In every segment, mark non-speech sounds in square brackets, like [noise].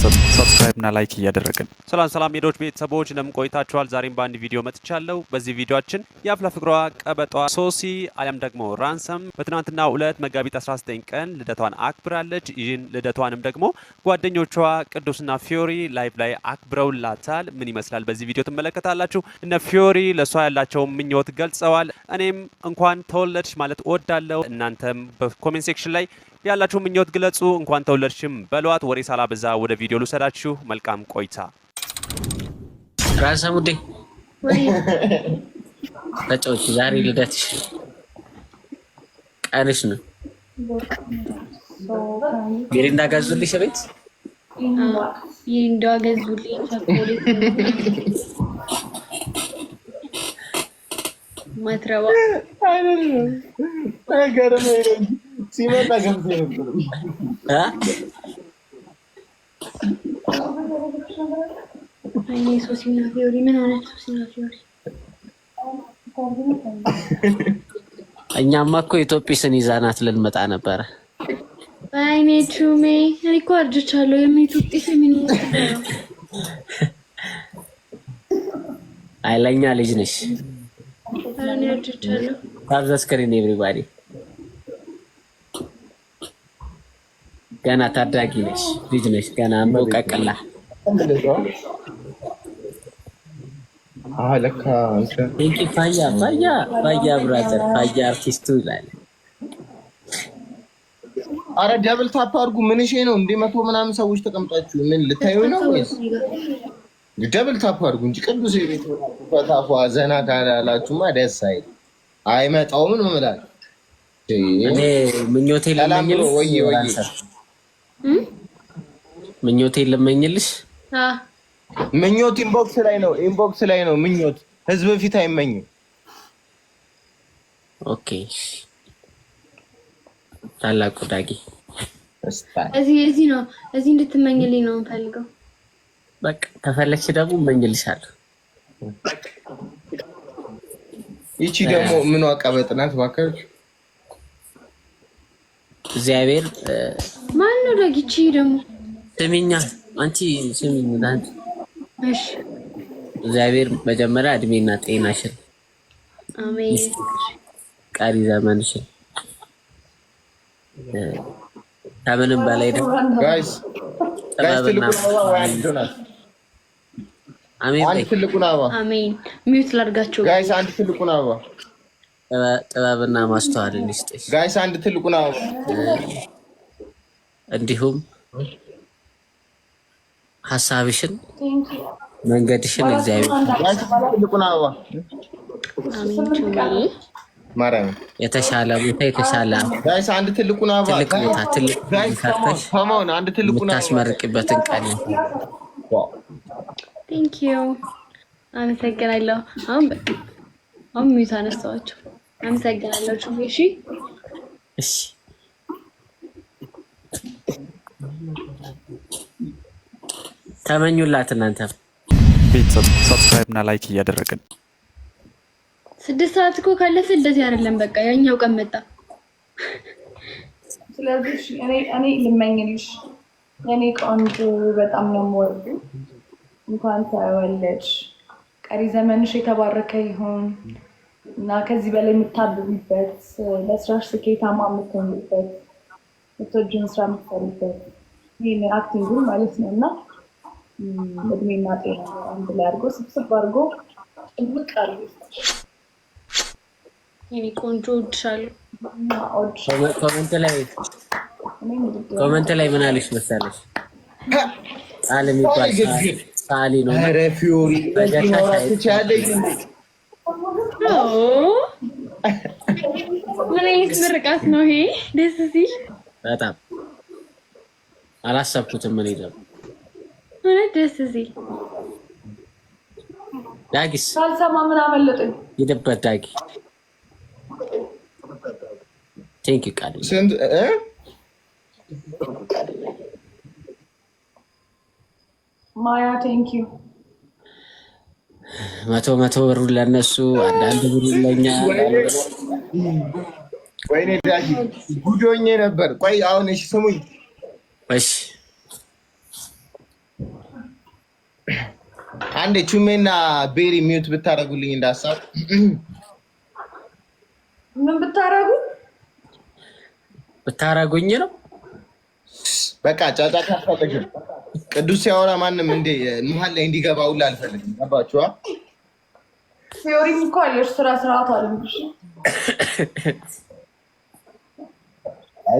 ሰብስክራይብ እና ላይክ እያደረግን ሰላም ሰላም ሄዶች ቤተሰቦች እንደምን ቆይታችኋል? ዛሬም በአንድ ቪዲዮ መጥቻለሁ። በዚህ ቪዲዮችን የአፍላ ፍቅሯ ቀበጧ ሶሲ አሊያም ደግሞ ራንሰም በትናንትና ሁለት መጋቢት 19 ቀን ልደቷን አክብራለች። ይህን ልደቷንም ደግሞ ጓደኞቿ ቅዱስና ፊዮሪ ላይቭ ላይ አክብረውላታል። ምን ይመስላል በዚህ ቪዲዮ ትመለከታላችሁ። እነ ፊዮሪ ለእሷ ያላቸውን ምኞት ገልጸዋል። እኔም እንኳን ተወለድሽ ማለት እወዳለሁ። እናንተም በኮሜንት ሴክሽን ላይ ያላችሁ ምኞት ግለጹ። እንኳን ተወለድሽም በሏት። ወሬ ሳላበዛ ወደ ቪዲዮ ልውሰዳችሁ። መልካም ቆይታ። ራሰ ሙዴ ተጫዎች ዛሬ ልደትሽ ቀንሽ ነው። ሚሪንዳ ገዙልሽ ቤት ሚሪንዳ ገዙልኝ። ማትረባ [laughs] አይደለም ሲመጣ ገብቶ ነበር። እኛማ እኮ ኢትዮጵስን ይዛናት ልንመጣ ነበረ። አይኔ ቹሜ እኮ አርጅቻለሁ። የሚጡጥስ ምን ልጅ ነሽ። ታብዛስከሪን ኤቭሪባዲ ገና ታዳጊ ነሽ፣ ልጅ ነሽ። ገና አምሮ ቀቅላ ፋያ ፋያ ፋያ ብራዘር ፋያ አርቲስቱ ይላል። አረ ደብል ታፕ አድርጉ። ምን ሼ ነው እንደ መቶ ምናምን ሰዎች ተቀምጣችሁ ምን ልታዩ ነው? ደብል ታፕ አድርጉ እንጂ ቅዱስ የቤት ዘና ካላላችሁማ ደስ አይል አይመጣውም ነው ምላል እኔ ምኞቴ ለለኝም ወይ ወይ ምኞቴ ልመኝልሽ። ምኞት ኢንቦክስ ላይ ነው፣ ኢንቦክስ ላይ ነው ምኞት። ህዝብ ፊት አይመኝም። ኦኬ ታላቁ ዳጊ እዚህ እዚህ ነው፣ እዚህ እንድትመኝልኝ ነው የምፈልገው። በቃ ከፈለግሽ ደግሞ እመኝልሻለሁ። ይቺ ደግሞ ምን ቀበጥ ናት እባክህ። እግዚአብሔር ማን ነው ዳጊ? ይቺ ደግሞ ስሚኛ አንቺ ስሚኝ፣ ላንቺ እሺ። እግዚአብሔር መጀመሪያ እድሜና ጤናሽን አሜን፣ ቀሪ ዘመንሽን ከምንም በላይ ጋይስ ጋይስ አንድ ጥበብና ማስተዋልን ይስጥሽ ጋይስ። አንድ ትልቁን አበባ እንዲሁም ሀሳብሽን መንገድሽን እግዚአብሔር የተሻለ ቦታ የተሻለ አንድ ትልቁን አበባ ትልቅ ቦታ የምታስመርቅበትን ቀን አመሰግናለሁ። አሁን በቃ አሁን ሚዩት አነስተዋቸው። አመሰግናለሁ። እሺ እሺ ተመኙላት እናንተ ቤት ሰብስክራይብ እና ላይክ እያደረግን ስድስት ሰዓት እኮ ካለፈ እንደዚህ አይደለም። በቃ ያኛው ቀን መጣ። ስለዚህ እኔ ልመኝልሽ የኔ ቆንጆ በጣም ነው የምወደው። እንኳን ተወለድሽ፣ ቀሪ ዘመንሽ የተባረከ ይሁን እና ከዚህ በላይ የምታብብበት ለስራሽ ስኬታማ የምትሆንበት የምትወጂውን ስራ የምትሰሪበት ይህ አክቲንግ ማለት ነው እና እድሜና ጤና አንድ ላይ አድርጎ ስብስብ አድርጎ ጥብቅ አድርጎ የኔ ቆንጆ እወድሻለሁ። ኮመንት ላይ ምን አለሽ መሰለሽ ቃል የሚባል ሳሊ ነው። ኧረ ፊዮሪ ምን አይነት ምርቃት ነው ይሄ? ደስ ሲል በጣም አላሰብኩትም። ምን ይዘው እውነት ደስ ሲል ዳጊስ ሳልሰማ ምን አመለጠኝ። ይደበት ዳጊ ቴንክ ማያ ቴንክ ዩ መቶ መቶ ብሩ ለነሱ አንዳንድ ብሩ ለኛ። ወይኔ ዳጊ ጉዶኜ ነበር። ቆይ አሁን እሺ ስሙኝ፣ እሺ አንዴ ቹሜና ቤሪ ሚዩት ብታደርጉልኝ እንዳሳብ ምን ብታረጉ ብታረጉኝ ነው። በቃ ጫጫታ አልፈልግም። ቅዱስ ሲያወራ ማንም እንደ መሀል ላይ እንዲገባ ሁላ አልፈልግም። ገባችኋ? ፊዮሪም እኮ አለሽ ስራ ስርዓት አለ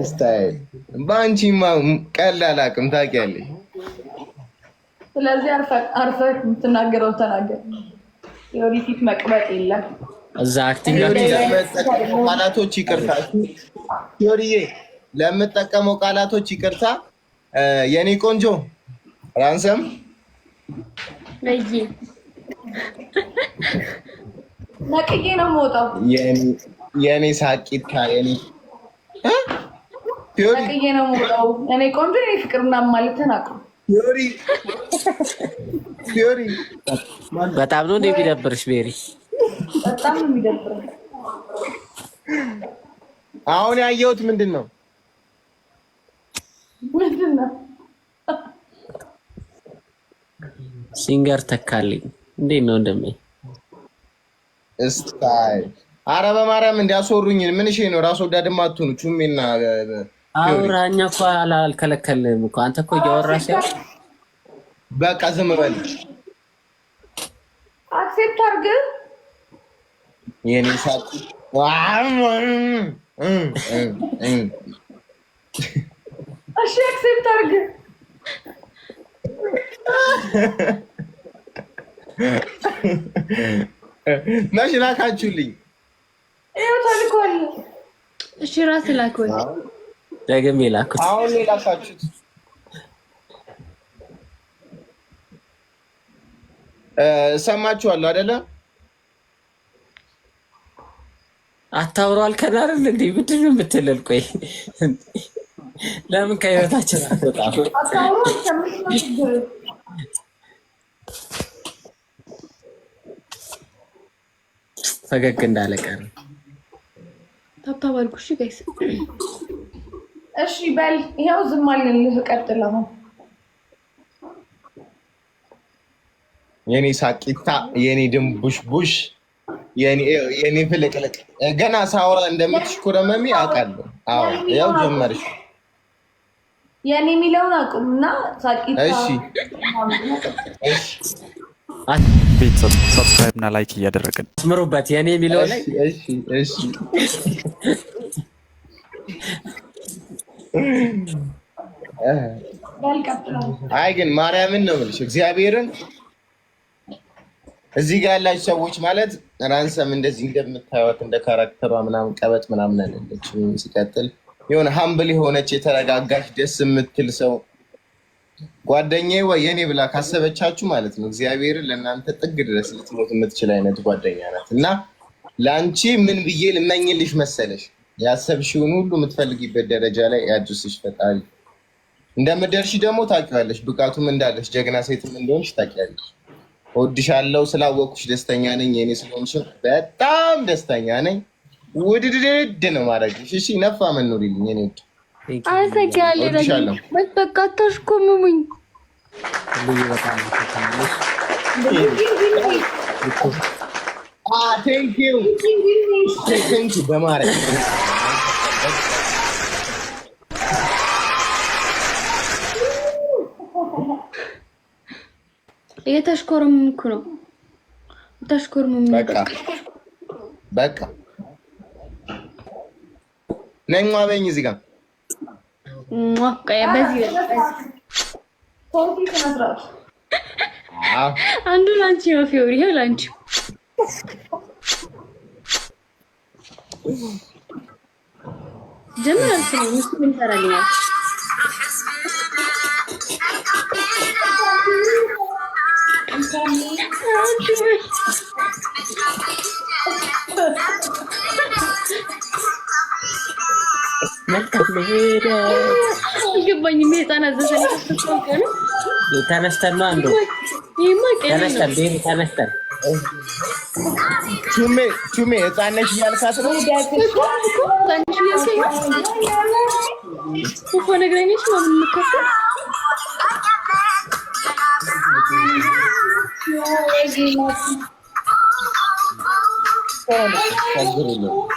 ስታይል በአንቺማ ቀላል አቅም ታውቂያለሽ ስለዚህ አርፈህ የምትናገረው ተናገር። የወዲፊት መቅበጥ የለም። እዛ ቃላቶች ይቅርታ፣ ቴዎሪዬ ለምጠቀመው ቃላቶች ይቅርታ። የኔ ቆንጆ ራንሰም ነቅዬ ነው የምወጣው። የኔ ሳቂታ ነቅዬ ነው የምወጣው። እኔ ቆንጆ የኔ ፍቅር ምናምን ማለት ተናቅሩ በጣም ነው እንደ የሚደብርሽ ቤሪ፣ በጣም ነው የሚደብርሽ። አሁን ያየሁት ምንድን ነው ምንድን ነው ሲንገር ተካልኝ እንዴት ነው እንደሚ እስታይ አረ በማርያም እንዲያስወሩኝ ምን እሺ ነው ራስ ወዳድማ አትሁኑ ቹሜና አውራ እኛ እኮ አልከለከልም እኮ አንተ እኮ እያወራ ሲያው በቃ ዝም በል አክሴፕት አርግ የኔ ሳቅ እሺ፣ አክሴፕት አርግ መች ላካችሁልኝ? ይኸው ተልኮልኝ። እሺ፣ ራስ ላክ ደግሜ ላኩት። አሁን የላካችሁት ሰማችኋል አይደለ? አታውሩ አልከን አይደል? ምንድን ነው የምትልል? ቆይ ለምን ከህይወታችን ፈገግ እንዳለ ቀረ ታብታብ አልኩሽ ጋይስ እሺ በል ይሄው ዝም አልልህ። ቀጥል። አሁን የኔ ሳቂታ፣ የኔ ድንቡሽቡሽ፣ የኔ ፍልቅልቅ ገና ሳውራ እንደምትሽኮረመሚ አውቃለሁ። አዎ ያው ጀመርሽ። የኔ የሚለውን አቁምና ሳቂታ። እሺ እሺ ቤተሰብ ሰብስክራይብ እና ላይክ እያደረግን ምሩበት። የኔ የሚለው ላይ እሺ እሺ አይ ግን ማርያምን ነው የምልሽ፣ እግዚአብሔርን እዚህ ጋር ያላችሁ ሰዎች ማለት ራንሰም እንደዚህ እንደምታዩት እንደ ካራክተሯ ምናምን ቀበጥ ምናምን አለች። ሲቀጥል የሆነ ሀምብል የሆነች የተረጋጋች ደስ የምትል ሰው ጓደኛዬ ወይ የኔ ብላ ካሰበቻችሁ ማለት ነው እግዚአብሔርን ለእናንተ ጥግ ድረስ ልትሞት የምትችል አይነት ጓደኛ ናት እና ለአንቺ ምን ብዬ ልመኝልሽ መሰለሽ ያሰብሽውን ሁሉ የምትፈልጊበት ደረጃ ላይ ያድርስሽ ፈጣሪ። እንደምደርሽ ደግሞ ታውቂዋለሽ፣ ብቃቱም እንዳለሽ ጀግና ሴትም እንደሆንሽ ታውቂያለሽ። እወድሻለሁ። ስላወቅኩሽ ደስተኛ ነኝ። የኔ ስለሆንሽም በጣም ደስተኛ ነኝ። ውድድድ ነው ማድረግሽ። እሺ ነፋ መኖሪልኝ የኔ ውድ አመሰግናለሁ። በቃ አታሽኮምሙኝ። ቴንኪው በማርያም እየተሽኮረመምኩ ነው። ተሽኮረመምኩ በቃ በቃ ነኝ ማበኝ እዚህ ጋር አንዱ ላንቺ ነው ፊዮሪ ይሄ ላንቺ ጀምራችሁ ምን ገባኝ። የታናዘዘኝ ተነስተን ነው አንዱ ተነስተን ቤቢ ተነስተን ቹሜ ቹሜ ህፃን ነሽ እያልካት ነው እኮ ነግረኝሽ ነው የምንከፍል ችግር የለውም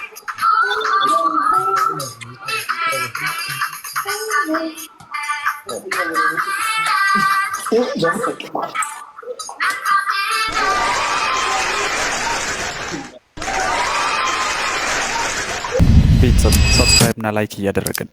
ቤተሰብ ሰብስክራይብ እና ላይክ እያደረግን